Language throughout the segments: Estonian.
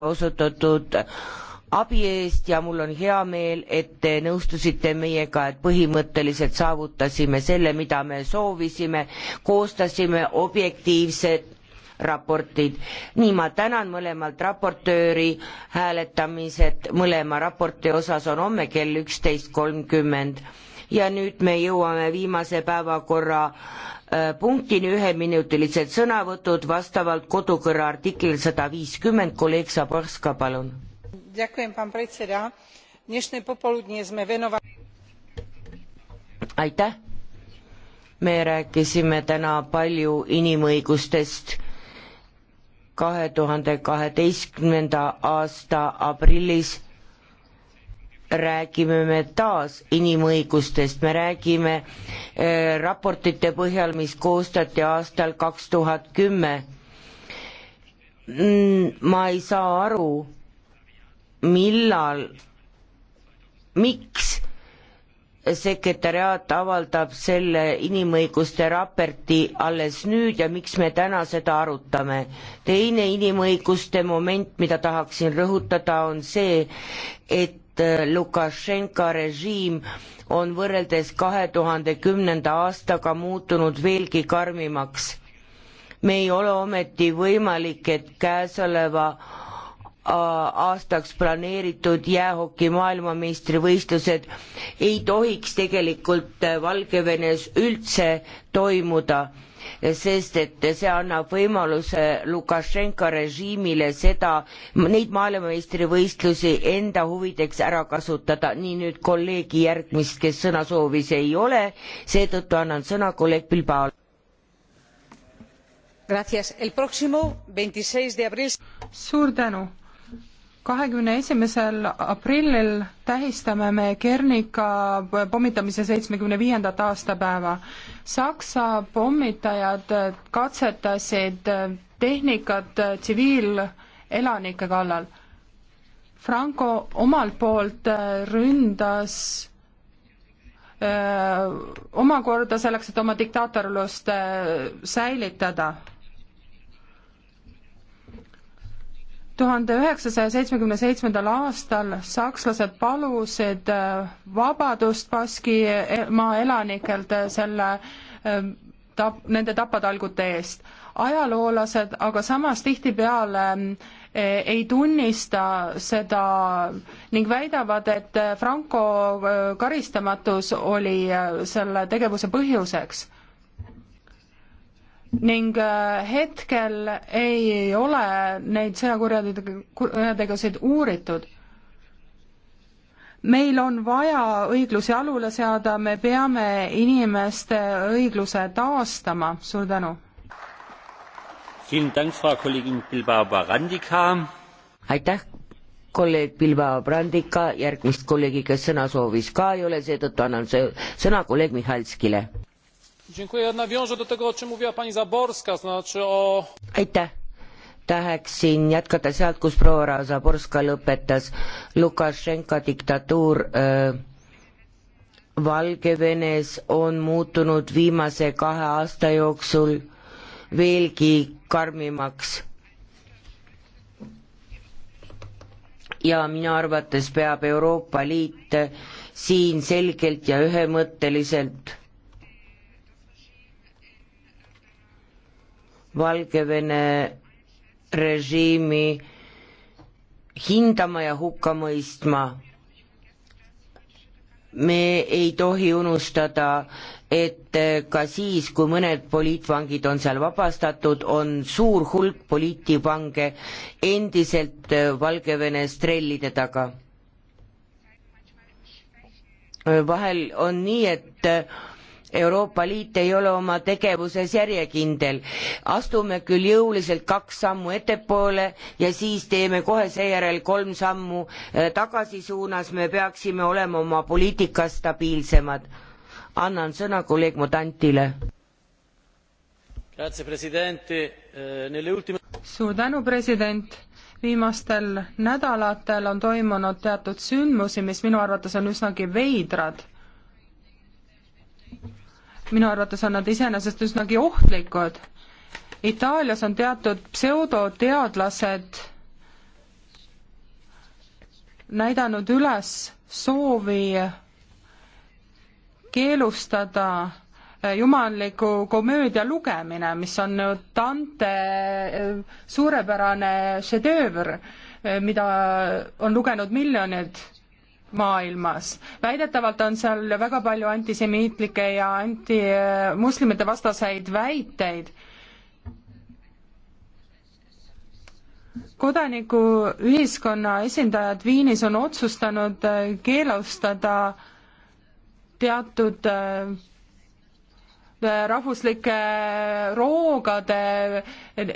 osutatud abi eest ja mul on hea meel, et te nõustusite meiega, et põhimõtteliselt saavutasime selle, mida me soovisime, koostasime objektiivsed raportid. nii, ma tänan mõlemalt raportööri, hääletamised mõlema raporti osas on homme kell üksteist kolmkümmend ja nüüd me jõuame viimase päevakorra äh, punktini üheminutilised sõnavõtud vastavalt kodukõrra artiklil sada viiskümmend, kolleeg Zaborska, palun. aitäh, me rääkisime täna palju inimõigustest kahe tuhande kaheteistkümnenda aasta aprillis räägime me taas inimõigustest, me räägime äh, raportite põhjal, mis koostati aastal kaks tuhat kümme. Mm, ma ei saa aru, millal, miks sekretäriaat avaldab selle inimõiguste raporti alles nüüd ja miks me täna seda arutame. teine inimõiguste moment, mida tahaksin rõhutada, on see, et Äh, Lukašenka režiim on võrreldes kahe tuhande kümnenda aastaga muutunud veelgi karmimaks. me ei ole ometi võimalik, et käesoleva äh, aastaks planeeritud jäähoki maailmameistrivõistlused ei tohiks tegelikult äh, Valgevenes üldse toimuda sest et see annab võimaluse Lukašenka režiimile seda, neid maailmameistrivõistlusi enda huvideks ära kasutada. nii nüüd kolleegi järgmist, kes sõna soovis, ei ole, seetõttu annan sõna kolleeg Bilbaole. suur tänu kahekümne esimesel aprillil tähistame me Kernika pommitamise seitsmekümne viiendat aastapäeva. Saksa pommitajad katsetasid tehnikat tsiviilelanike kallal. Franco omalt poolt ründas öö, omakorda selleks, et oma diktaatorlust säilitada tuhande üheksasaja seitsmekümne seitsmendal aastal sakslased palusid äh, vabadust Baskimaa e-, elanikelt äh, selle äh, tap-, nende tapatalgute eest. ajaloolased aga samas tihtipeale ei tunnista seda ning väidavad, et Franco karistamatus oli selle tegevuse põhjuseks ning äh, hetkel ei ole neid sõjakurjategusid uuritud. meil on vaja õiglus jalule seada, me peame inimeste õigluse taastama, suur tänu. aitäh, kolleeg Bilbao Brandika, järgmist kolleegi, kes sõna soovis ka ei ole, seetõttu annan sõna kolleeg Mihhailskile aitäh, tahaksin jätkata sealt, kus proua Zaborska lõpetas, Lukašenka diktatuur öö, äh, Valgevenes on muutunud viimase kahe aasta jooksul veelgi karmimaks. ja minu arvates peab Euroopa Liit siin selgelt ja ühemõtteliselt Valgevene režiimi hindama ja hukka mõistma. me ei tohi unustada, et ka siis, kui mõned poliitvangid on seal vabastatud, on suur hulk poliitvange endiselt Valgevenes trellide taga. vahel on nii, et Euroopa Liit ei ole oma tegevuses järjekindel. astume küll jõuliselt kaks sammu ettepoole ja siis teeme kohe seejärel kolm sammu eh, tagasi suunas, me peaksime olema oma poliitikas stabiilsemad. annan sõna kolleeg Modantile. Eh, suur tänu, president viimastel nädalatel on toimunud teatud sündmusi, mis minu arvates on üsnagi veidrad minu arvates on nad iseenesest üsnagi ohtlikud. Itaalias on teatud pseudoteadlased näidanud üles soovi keelustada eh, jumalliku komöödia lugemine, mis on Dante eh, suurepärane šedöövr, eh, mida on lugenud miljonid maailmas. väidetavalt on seal väga palju antisemiitlikke ja antimuslimite vastaseid väiteid. kodanikuühiskonna esindajad Viinis on otsustanud keelustada teatud äh, rahvuslike äh, roogade äh,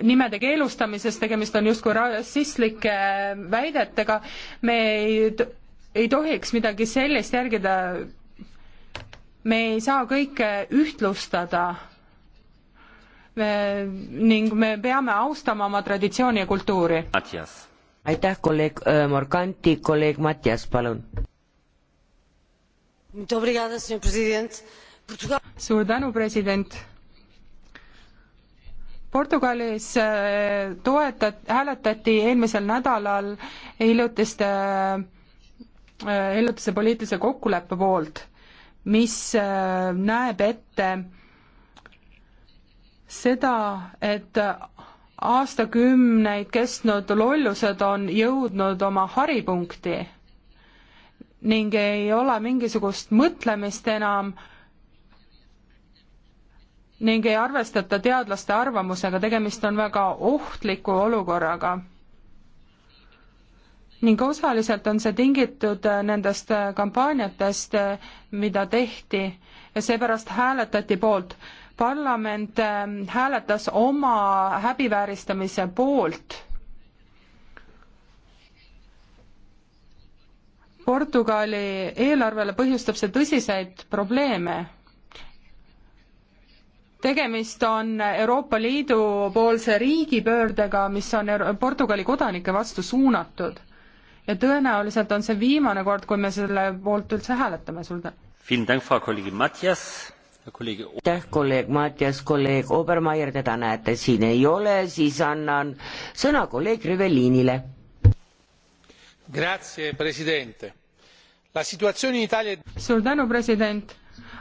nimede keelustamisest, tegemist on justkui rassistlike väidetega, me ei ei tohiks midagi sellist järgida, me ei saa kõike ühtlustada me, ning me peame austama oma traditsiooni ja kultuuri. aitäh, kolleeg äh, Morganti, kolleeg Matjas, palun. suur tänu, president Portugalis äh, toetat-, hääletati eelmisel nädalal hiljutiste äh, hiljutise äh, poliitilise kokkuleppe poolt, mis äh, näeb ette seda, et aastakümneid kestnud lollused on jõudnud oma haripunkti ning ei ole mingisugust mõtlemist enam ning ei arvestata teadlaste arvamusega, tegemist on väga ohtliku olukorraga ning osaliselt on see tingitud äh, nendest äh, kampaaniatest, äh, mida tehti ja seepärast hääletati poolt. parlament ähm, hääletas oma häbivääristamise poolt. Portugali eelarvele põhjustab see tõsiseid probleeme tegemist on Euroopa Liidu poolse riigipöördega, mis on Portugali kodanike vastu suunatud ja tõenäoliselt on see viimane kord, kui me selle poolt üldse hääletame, suur tänu. aitäh, kolleeg Matjas, kolleeg Obermeier, teda näete siin ei ole, siis annan sõna kolleeg Rivelinile. suur tänu, president.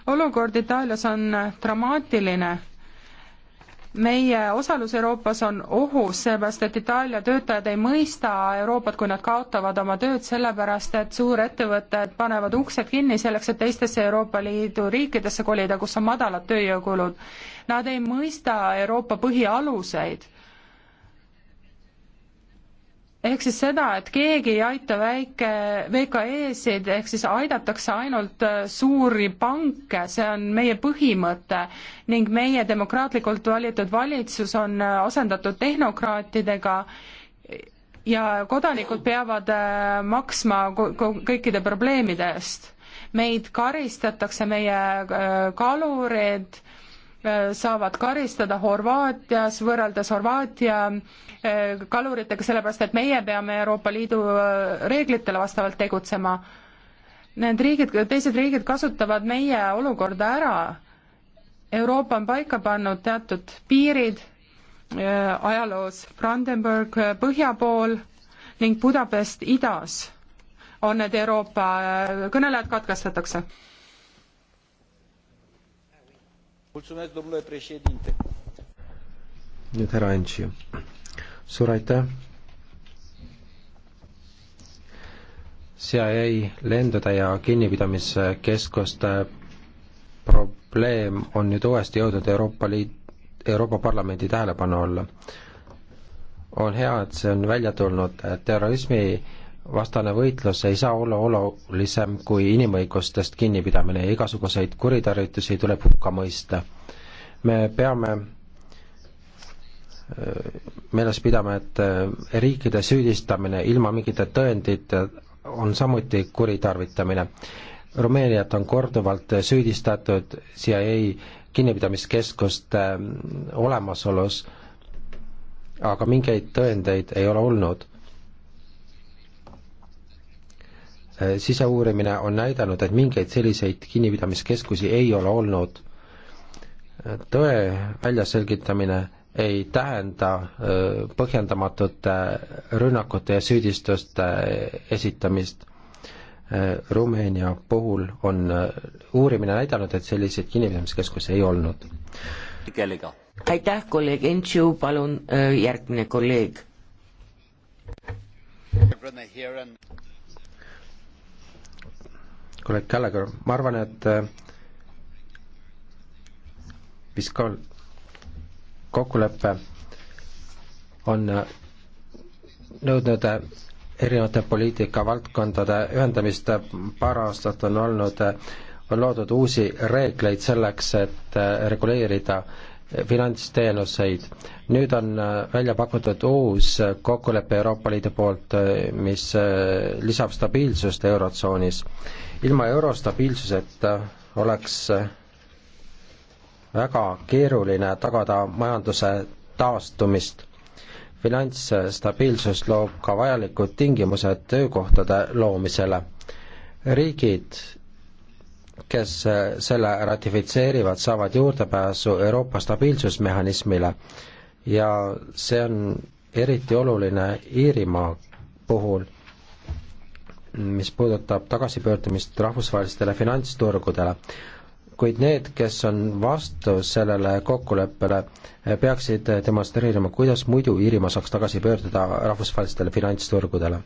olukord Itaalias on dramaatiline meie osalus Euroopas on ohus, sellepärast et Itaalia töötajad ei mõista Euroopat, kui nad kaotavad oma tööd, sellepärast et suurettevõtted panevad uksed kinni selleks, et teistesse Euroopa Liidu riikidesse kolida, kus on madalad tööjõukulud. Nad ei mõista Euroopa põhialuseid ehk siis seda, et keegi ei aita väike, VKE-sid, ehk siis aidatakse ainult äh, suuri panke, see on meie põhimõte ning meie demokraatlikult valitud valitsus on äh, asendatud tehnokraatidega ja kodanikud peavad äh, maksma kõikide probleemide eest. meid karistatakse, meie kalurid Äh, saavad karistada Horvaatias võrreldes Horvaatia äh, kaluritega, sellepärast et meie peame Euroopa Liidu äh, reeglitele vastavalt tegutsema. Need riigid, teised riigid kasutavad meie olukorda ära. Euroopa on paika pannud teatud piirid ajaloos Brandenburg põhja pool ning Budapest idas on need Euroopa kõnelejad katkestatakse mulțumesc, domnule președinte. nüüd härra Antsi. suur aitäh. CIA lendude ja kinnipidamiskeskuste probleem on nüüd uuesti jõudnud Euroopa Liit, Euroopa Parlamendi tähelepanu alla. on hea, et see on välja tulnud terrorismi vastane võitlus ei saa olla olulisem kui inimõigustest kinnipidamine ja igasuguseid kuritarvitusi tuleb hukka mõista. me peame äh, meeles pidama, et äh, riikide süüdistamine ilma mingite tõendite on samuti kuritarvitamine. Rumeeniat on korduvalt süüdistatud CIA kinnipidamiskeskuste äh, olemasolus, aga mingeid tõendeid ei ole olnud Äh, siseuurimine on näidanud, et mingeid selliseid kinnipidamiskeskusi ei ole olnud. Äh, tõe väljaselgitamine ei tähenda äh, põhjendamatute rünnakute ja süüdistuste esitamist. Rumeenia puhul on uurimine näidanud, et selliseid kinnipidamiskeskusi ei olnud. aitäh, kolleeg Entšu, palun järgmine kolleeg kolleeg Gallagher, ma arvan, et äh, fiskaal- kokkulepe on äh, nõudnud äh, erinevate poliitikavaldkondade ühendamist, paar aastat on olnud, on loodud uusi reegleid selleks, et reguleerida finantsteenuseid. nüüd on äh, välja pakutud uus kokkulepe Euroopa Liidu poolt, äh, mis äh, lisab stabiilsust Eurotsoonis. ilma euro stabiilsuseta oleks väga keeruline tagada majanduse taastumist. finantsstabiilsus loob ka vajalikud tingimused töökohtade loomisele. riigid kes äh, selle ratifitseerivad, saavad juurdepääsu Euroopa stabiilsusmehhanismile ja see on eriti oluline Iirimaa puhul, mis puudutab tagasipöördumist rahvusvahelistele finantsturgudele. kuid need, kes on vastu sellele kokkuleppele, äh, peaksid demonstreerima, kuidas muidu Iirimaa saaks tagasi pöörduda rahvusvahelistele finantsturgudele.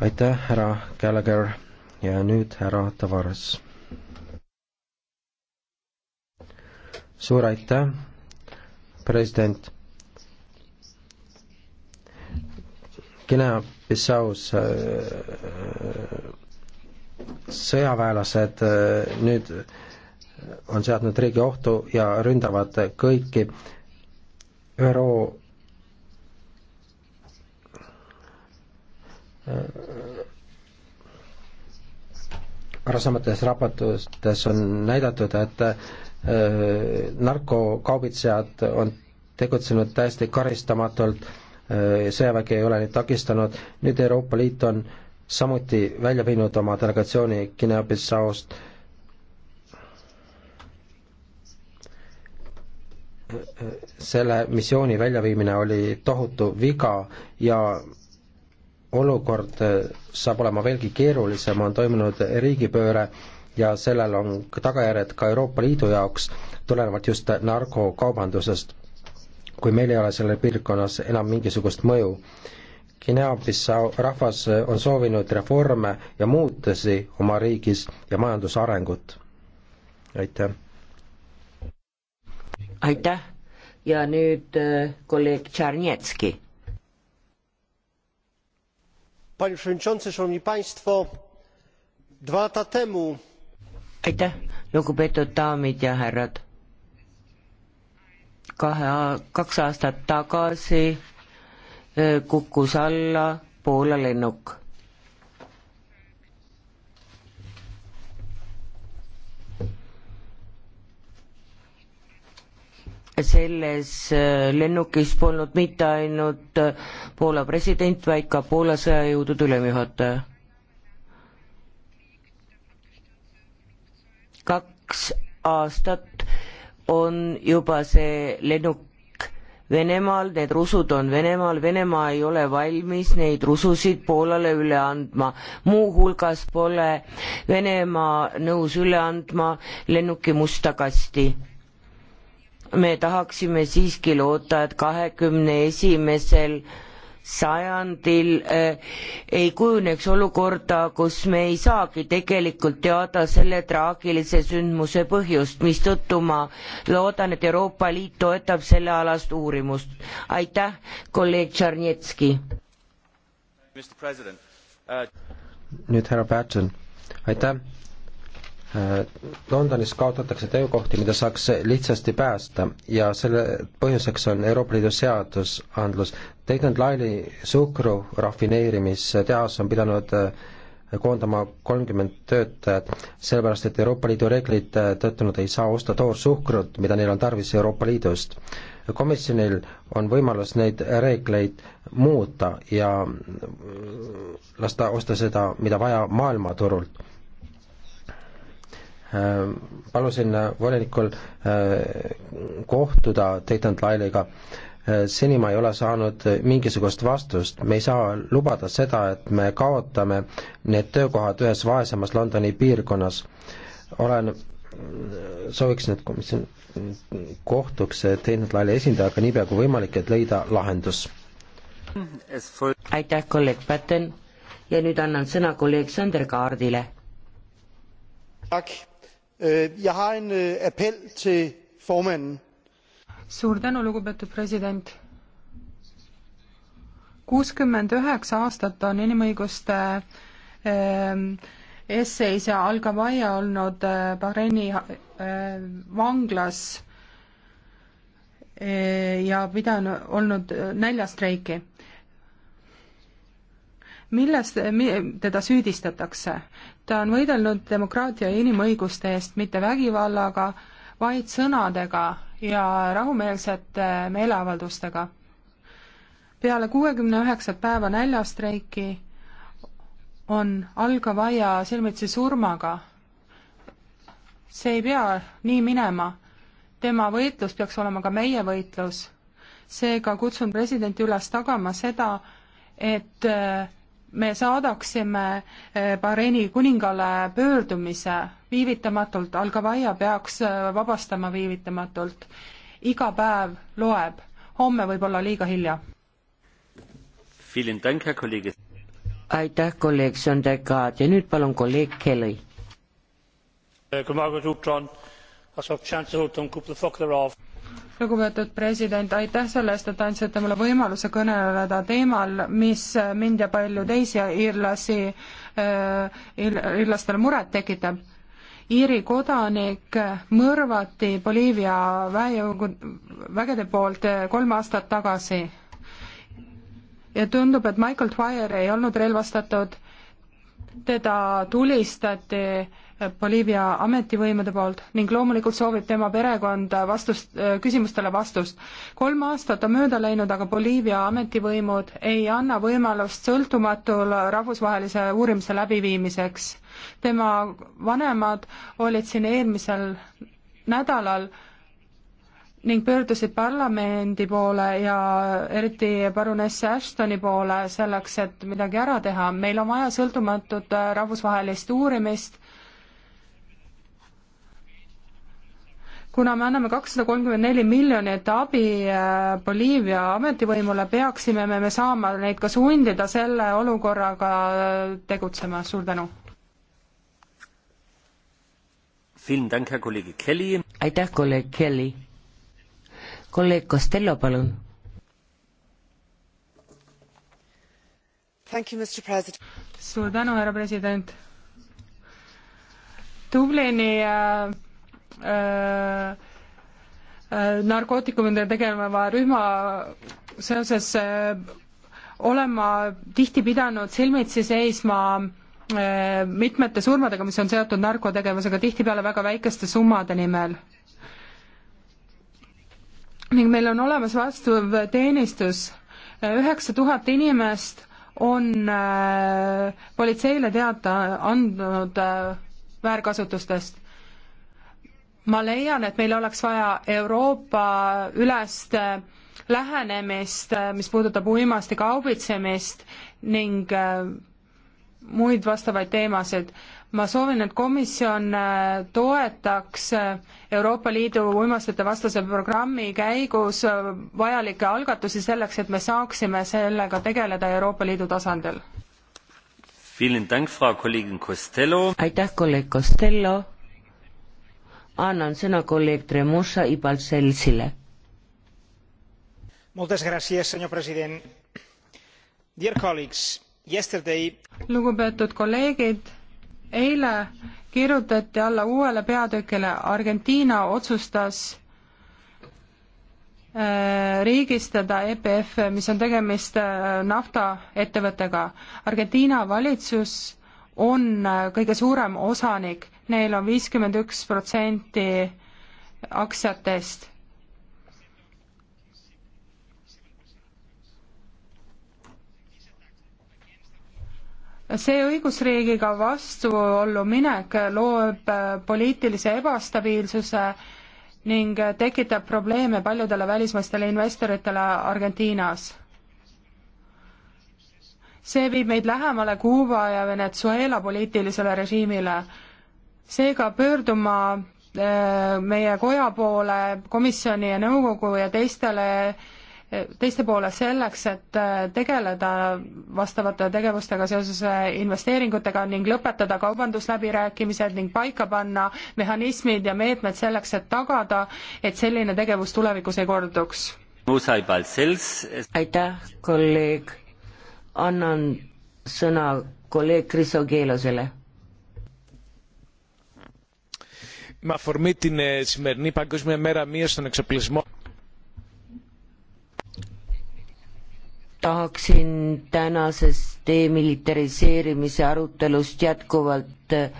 aitäh, härra Gallagher ja nüüd härra Tavares. suur aitäh, president. Guinea-Bissaus äh, sõjaväelased äh, nüüd on seadnud riigi ohtu ja ründavad kõiki ÜRO äh, varasemates raportites on näidatud, et äh, narkokaubitsejad on tegutsenud täiesti karistamatult, äh, sõjavägi ei ole neid takistanud, nüüd Euroopa Liit on samuti välja viinud oma delegatsiooni Guinea-Bissaost. Äh, selle missiooni väljaviimine oli tohutu viga ja olukord eh, saab olema veelgi keerulisem, on toimunud riigipööre ja sellel on tagajärjed ka Euroopa Liidu jaoks, tulenevalt just narkokaubandusest, kui meil ei ole sellel piirkonnas enam mingisugust mõju. Guinea-Bissau rahvas on soovinud reforme ja muutusi oma riigis ja majandusarengut. aitäh! aitäh ja nüüd eh, kolleeg Tšarnetski panie przewodniczący! szanowni państwo! dwa lata temu kaks aastat tagasi eh, kukkus alla poola lennuk. selles äh, lennukis polnud mitte ainult äh, Poola president, vaid ka Poola sõjajõudude ülemjuhataja. kaks aastat on juba see lennuk Venemaal, need rusud on Venemaal, Venemaa ei ole valmis neid rususid Poolale üle andma. muuhulgas pole Venemaa nõus üle andma lennuki musta kasti me tahaksime siiski loota, et kahekümne esimesel sajandil äh, ei kujuneks olukorda, kus me ei saagi tegelikult teada selle traagilise sündmuse põhjust, mistõttu ma loodan, et Euroopa Liit toetab sellealast uurimust. aitäh, kolleeg Tšarnetski. Äh, nüüd härra Patten, aitäh Äh, Londonis kaotatakse töökohti, mida saaks lihtsasti päästa ja selle põhjuseks on Euroopa Liidu seadusandlus. Teigand Laili suhkru rafineerimistehas on pidanud äh, koondama kolmkümmend töötajat, sellepärast et Euroopa Liidu reeglid äh, tõttu nad ei saa osta toorsuhkrut, mida neil on tarvis Euroopa Liidust. komisjonil on võimalus neid reegleid muuta ja mm, lasta osta seda, mida vaja maailmaturult Äh, palusin äh, volinikul äh, kohtuda Dayton Lyle'iga seni ma ei ole saanud mingisugust vastust, me ei saa lubada seda, et me kaotame need töökohad ühes vaesemas Londoni piirkonnas. olen, sooviksin, et komisjon kohtuks teinud laine esindajaga niipea kui võimalik, et leida lahendus. aitäh, kolleeg Patten ja nüüd annan sõna kolleeg Sander Kaardile. Øh, jeg har en øh, appel til formanden. suur tänu, lugupeetud president. kuuskümmend üheksa aastat on inimõiguste ähm, esseis ja Al-Gawaia olnud äh, Bahreini äh, vanglas äh, ja pidanud, olnud näljastreiki milles teda süüdistatakse ta on võidelnud demokraatia ja inimõiguste eest mitte vägivallaga, vaid sõnadega ja rahumeelsete meeleavaldustega. peale kuuekümne üheksat päeva näljastreiki on Al-Gawaia silmitsi surmaga. see ei pea nii minema. tema võitlus peaks olema ka meie võitlus. seega kutsun presidenti üles tagama seda, et äh, me saadaksime eh, Bahreini kuningale pöördumise viivitamatult, Al-Gawaia peaks eh, vabastama viivitamatult. iga päev loeb, homme võib olla liiga hilja. aitäh, kolleeg Sondergaard ja nüüd palun kolleeg Kelly. Eh, lugupeetud president, aitäh selle eest, et andsite mulle võimaluse kõneleda teemal, mis mind ja palju teisi iirlasi äh,, iirlastele muret tekitab. Iiri kodanik mõrvati Boliivia väejõugu, vägede poolt kolm aastat tagasi. ja tundub, et Michael Dwyer ei olnud relvastatud teda tulistati Boliivia ametivõimude poolt ning loomulikult soovib tema perekond vastust, küsimustele vastust. kolm aastat on mööda läinud, aga Boliivia ametivõimud ei anna võimalust sõltumatul rahvusvahelise uurimise läbiviimiseks. tema vanemad olid siin eelmisel nädalal ning pöördusid parlamendi poole ja eriti parunesse Ashtoni poole selleks, et midagi ära teha. meil on vaja sõltumatut äh, rahvusvahelist uurimist, kuna me anname kakssada kolmkümmend neli miljonit abi äh, Boliivia ametivõimule, peaksime me, me saama neid ka sundida selle olukorraga äh, tegutsema, suur tänu. aitäh, kolleeg Kelly kolleeg Costello, palun. suur tänu, härra president. Dublini äh, äh, äh narkootikumidega tegeleva rühma seoses äh, olema tihti pidanud silmitsi seisma äh, mitmete surmadega, mis on seotud narkotegevusega, tihtipeale väga väikeste summade nimel ning meil on olemas vastav teenistus. üheksa tuhat inimest on äh, politseile teada andnud äh, väärkasutustest. ma leian, et meil oleks vaja Euroopa ülest äh, lähenemist, äh, mis puudutab uimasti kaubitsemist ning äh, muid vastavaid teemasid ma soovin, et komisjon äh, toetaks äh, Euroopa Liidu uimastite vastase programmi käigus äh, vajalikke algatusi selleks, et me saaksime sellega tegeleda Euroopa Liidu tasandil. aitäh, kolleeg Costello. annan sõna kolleeg Tremosa Ibalselsile. lugupeetud kolleegid eile kirjutati alla uuele peatükile, Argentiina otsustas äh, riigistada EPF, mis on tegemist äh, naftaettevõttega. Argentiina valitsus on äh, kõige suurem osanik, neil on viiskümmend üks protsenti aktsiatest see õigusriigiga vastuollu minek loob äh, poliitilise ebastabiilsuse ning tekitab probleeme paljudele välismaistele investoritele Argentiinas. see viib meid lähemale Kuuba ja Venezuela poliitilisele režiimile. seega pöörduma äh, meie koja poole, komisjoni ja nõukogu ja teistele teiste poole selleks, et äh, tegeleda vastavate tegevustega seoses äh, investeeringutega ning lõpetada kaubandusläbirääkimised ning paika panna mehhanismid ja meetmed selleks, et tagada, et selline tegevus tulevikus ei korduks. aitäh, kolleeg. annan sõna kolleeg Kriso Keelosele Μα αφορμή την σημερινή Παγκόσμια Μέρα Μίας στον Εξοπλισμό. tahaksin tänasest demilitariseerimise arutelust jätkuvalt äh,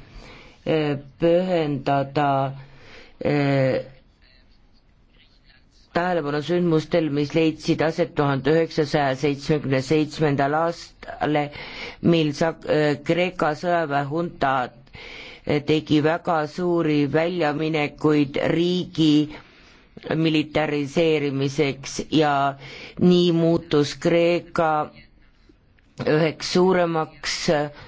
pühendada äh, tähelepanu sündmustel, mis leidsid aset tuhande üheksasaja seitsmekümne seitsmendal aastal, mil sa-, äh, Kreeka sõjaväehunta tegi väga suuri väljaminekuid riigi militariseerimiseks ja nii muutus Kreeka üheks suuremaks äh,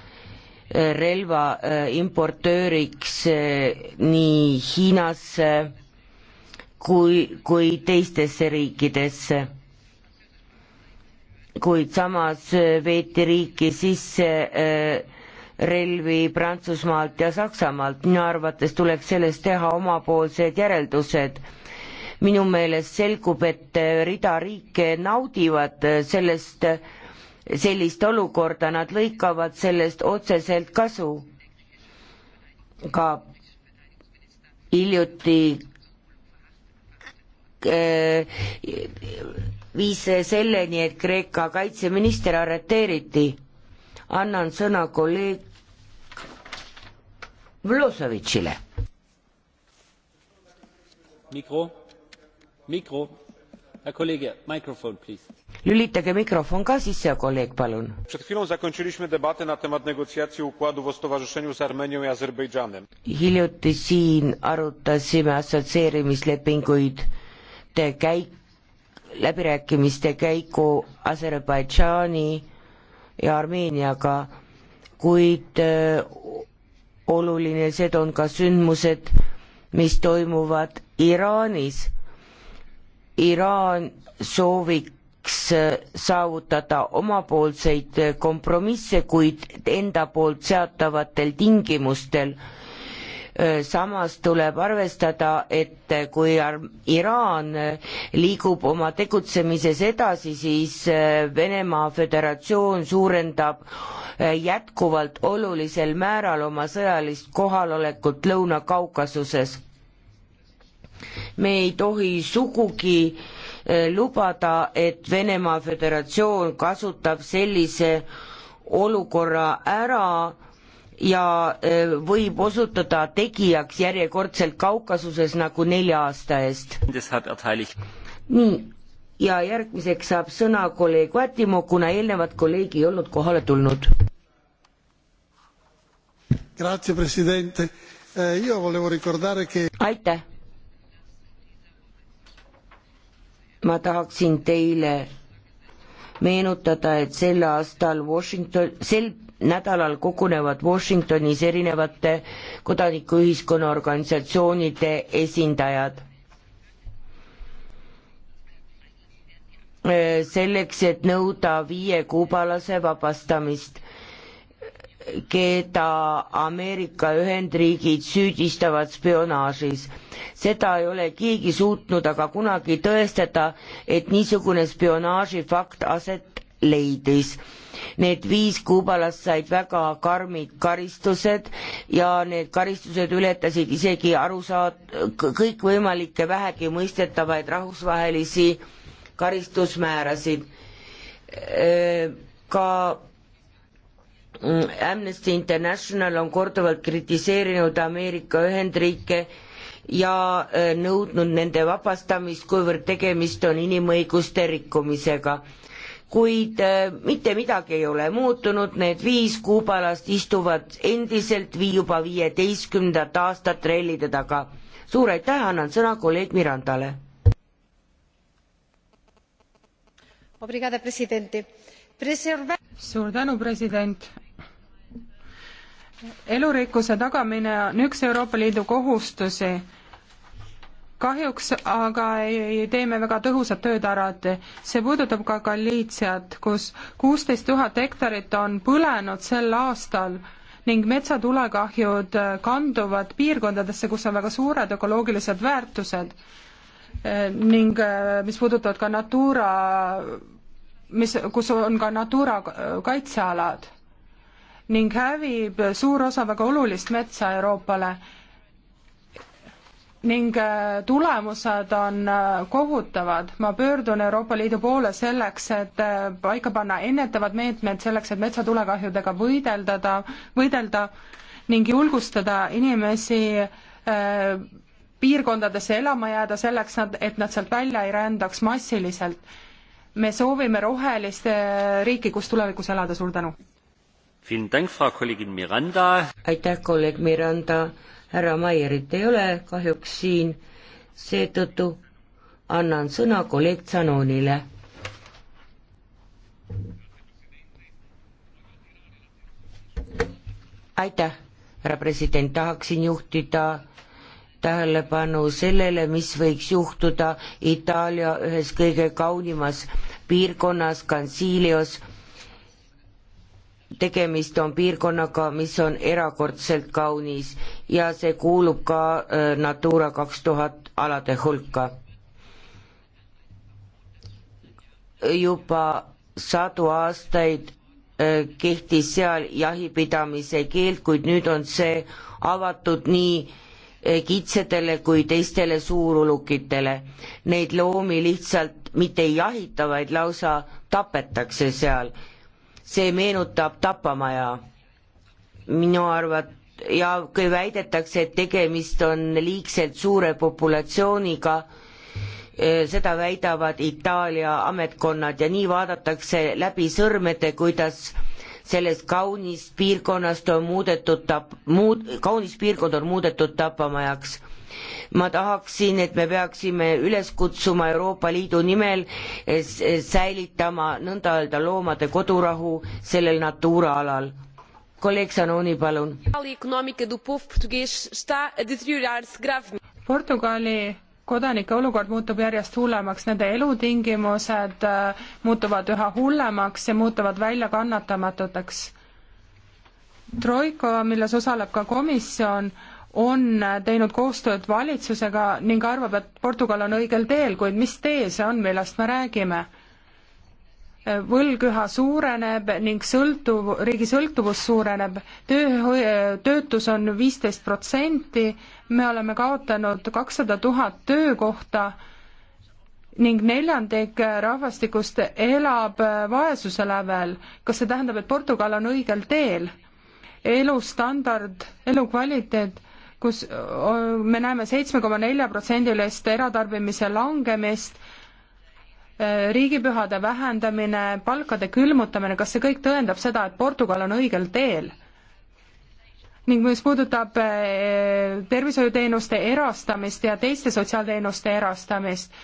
relva äh, importööriks äh, nii Hiinasse kui, kui teistesse riikidesse. kuid samas veeti riiki sisse relvi Prantsusmaalt ja Saksamaalt, minu arvates tuleks sellest teha omapoolsed järeldused minu meelest selgub, et äh, rida riike naudivad äh, sellest, äh, sellist olukorda, nad lõikavad sellest otseselt kasu. ka hiljuti äh, viis selleni, et Kreeka kaitseminister arreteeriti. annan sõna kolleeg Vlosovitšile. mikro lülitage mikrofon ka sisse kolleeg palun. przed chwilą zakończyliśmy debatę na temat negocjacji układów o stowarzyszeniu z armenią i azerbejdżanem. hiljuti siin arutasime assotsieerimislepinguid käik- läbirääkimiste käiku aserbaidžaani ja armeeniaga kuid öö, äh, oluline see on ka sündmused mis toimuvad iraanis Iraan sooviks äh, saavutada omapoolseid äh, kompromisse, kuid enda poolt seatavatel tingimustel. Äh, samas tuleb arvestada, et kui Iraan liigub oma tegutsemises edasi, siis Venemaa Föderatsioon suurendab jätkuvalt olulisel määral oma sõjalist kohalolekut Lõuna-Kaukasuses me ei tohi sugugi eh, lubada, et Venemaa Föderatsioon kasutab sellise olukorra ära ja eh, võib osutuda tegijaks järjekordselt Kaukasuses nagu nelja aasta eest. nii, ja järgmiseks saab sõna kolleeg Vatimo, kuna eelnevat kolleegi ei olnud kohale tulnud. Eh, aitäh ma tahaksin teile meenutada, et sel aastal Washington, sel nädalal kogunevad Washingtonis erinevate kodanikuühiskonna organisatsioonide esindajad. selleks, et nõuda viie kuubalase vabastamist keda Ameerika Ühendriigid süüdistavad spionaažis. seda ei ole keegi suutnud aga kunagi tõestada, et niisugune spionaažifakt aset leidis. Need viis kuubalast said väga karmid karistused ja need karistused ületasid isegi arusaad-, kõikvõimalikke vähegi mõistetavaid rahvusvahelisi karistusmäärasid. ka Mm, Amnesty International on korduvalt kritiseerinud Ameerika Ühendriike ja äh, nõudnud nende vabastamist, kuivõrd tegemist on inimõiguste rikkumisega. kuid äh, mitte midagi ei ole muutunud, need viis kuubalast istuvad endiselt vii juba viieteistkümnendat aastat trellide taga. suur aitäh, annan sõna kolleeg Mirandale. suur tänu, president elurikkuse tagamine on üks Euroopa Liidu kohustusi. kahjuks aga ei tee me väga tõhusat tööd alati. see puudutab ka Galiitsiat, kus kuusteist tuhat hektarit on põlenud sel aastal ning metsatulekahjud kanduvad piirkondadesse, kus on väga suured ökoloogilised väärtused ning eh, mis puudutavad ka Natura, mis, kus on ka Natura kaitsealad ning hävib suur osa väga olulist metsa Euroopale. ning äh, tulemused on äh, kohutavad. ma pöördun Euroopa Liidu poole selleks, et äh, paika panna ennetavad meetmed selleks, et metsatulekahjudega võideldada, võidelda ning julgustada inimesi äh, piirkondadesse elama jääda selleks, nad, et nad sealt välja ei rändaks massiliselt. me soovime rohelist riiki, kus tulevikus elada, suur tänu! aitäh, kolleeg Miranda, härra Maierit ei ole kahjuks siin, seetõttu annan sõna kolleeg Zanonile. aitäh, härra president, tahaksin juhtida tähelepanu sellele, mis võiks juhtuda Itaalia ühes kõige kaunimas piirkonnas, Kansiilios tegemist on piirkonnaga, mis on erakordselt kaunis ja see kuulub ka äh, Natura kaks tuhat alade hulka. juba sadu aastaid äh, kehtis seal jahipidamise keeld, kuid nüüd on see avatud nii äh, kitsedele kui teistele suurulukitele. Neid loomi lihtsalt mitte ei jahita, vaid lausa tapetakse seal see meenutab tapamaja. minu arvates ja kui väidetakse, et tegemist on liigselt suure populatsiooniga, e, seda väidavad Itaalia ametkonnad ja nii vaadatakse läbi sõrmede, kuidas sellest kaunist piirkonnast on muudetud tap-, muud-, kaunis piirkond on muudetud tapamajaks ma tahaksin, et me peaksime üles kutsuma Euroopa Liidu nimel eh, eh, säilitama nõnda öelda loomade kodurahu sellel Natura alal. kolleeg Sanoni, palun. Portugali kodanike olukord muutub järjest hullemaks, nende elutingimused eh, muutuvad üha hullemaks ja muutuvad väljakannatamatuteks. troika, milles osaleb ka komisjon, on teinud koostööd valitsusega ning arvab, et Portugal on õigel teel, kuid mis tee see on, millest me räägime? võlg üha suureneb ning sõltuv, riigi sõltuvus suureneb, töö, töötus on viisteist protsenti, me oleme kaotanud kakssada tuhat töökohta ning neljandik rahvastikust elab vaesuse lävel. kas see tähendab, et Portugal on õigel teel? elustandard, elukvaliteet kus me näeme seitsme koma nelja protsendilist eratarbimise langemist, riigipühade vähendamine, palkade külmutamine, kas see kõik tõendab seda, et Portugal on õigel teel? ning mis puudutab tervishoiuteenuste erastamist ja teiste sotsiaalteenuste erastamist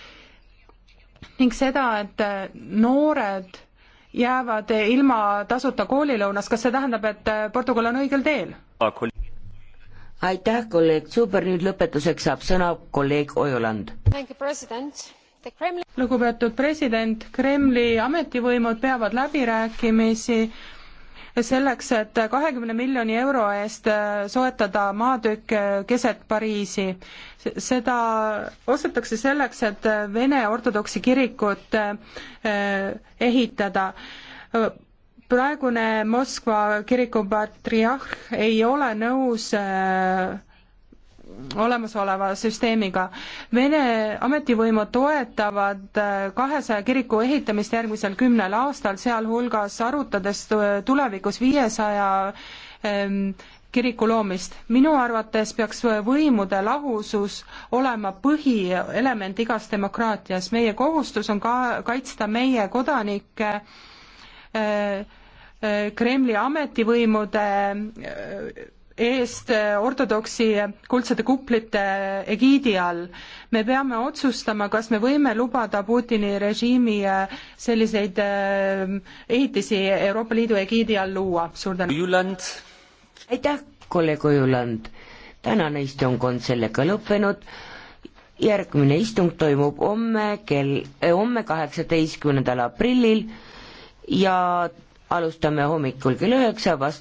ning seda, et noored jäävad ilma tasuta koolilõunast, kas see tähendab, et Portugal on õigel teel? aitäh, kolleeg Zuber, nüüd lõpetuseks saab sõna kolleeg Ojuland. Kremli... lugupeetud president, Kremli ametivõimud peavad läbirääkimisi selleks, et kahekümne miljoni euro eest soetada maatükk keset Pariisi. seda ostetakse selleks, et Vene ortodoksi kirikut eh, ehitada praegune Moskva kiriku patriarh ei ole nõus äh, olemasoleva süsteemiga. Vene ametivõimud toetavad äh, kahesaja kiriku ehitamist järgmisel kümnel aastal, sealhulgas arutades tulevikus viiesaja ähm, kiriku loomist. minu arvates peaks võimude lahusus olema põhielement igas demokraatias. meie kohustus on ka kaitsta meie kodanikke äh, Äh, Kremli ametivõimude äh, eest äh, ortodoksi kuldsete kuplite egiidi all. me peame otsustama, kas me võime lubada Putini režiimi selliseid ehitisi Euroopa Liidu egiidi all luua. suur tänu. aitäh, kolleeg Ojuland. tänane istung on sellega lõppenud. järgmine istung toimub homme kell, eh, homme kaheksateistkümnendal aprillil ja alustame hommikul kell üheksa vastu.